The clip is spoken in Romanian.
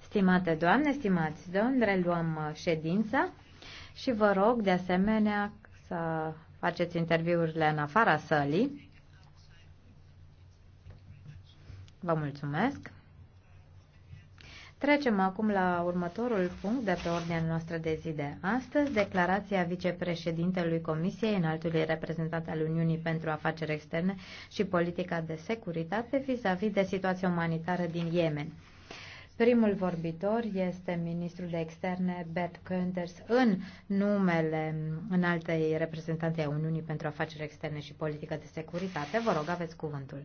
Stimate doamne, stimați doamne, reluăm uh, ședința și vă rog de asemenea să faceți interviurile în afara sălii. Vă mulțumesc. Trecem acum la următorul punct de pe ordinea noastră de zi de astăzi, declarația vicepreședintelui Comisiei Înaltului Reprezentant al Uniunii pentru Afaceri Externe și Politica de Securitate vis-a-vis -vis de situația umanitară din Yemen. Primul vorbitor este ministrul de externe Beth Kenders în numele înaltei reprezentante a Uniunii pentru Afaceri Externe și Politică de Securitate. Vă rog, aveți cuvântul.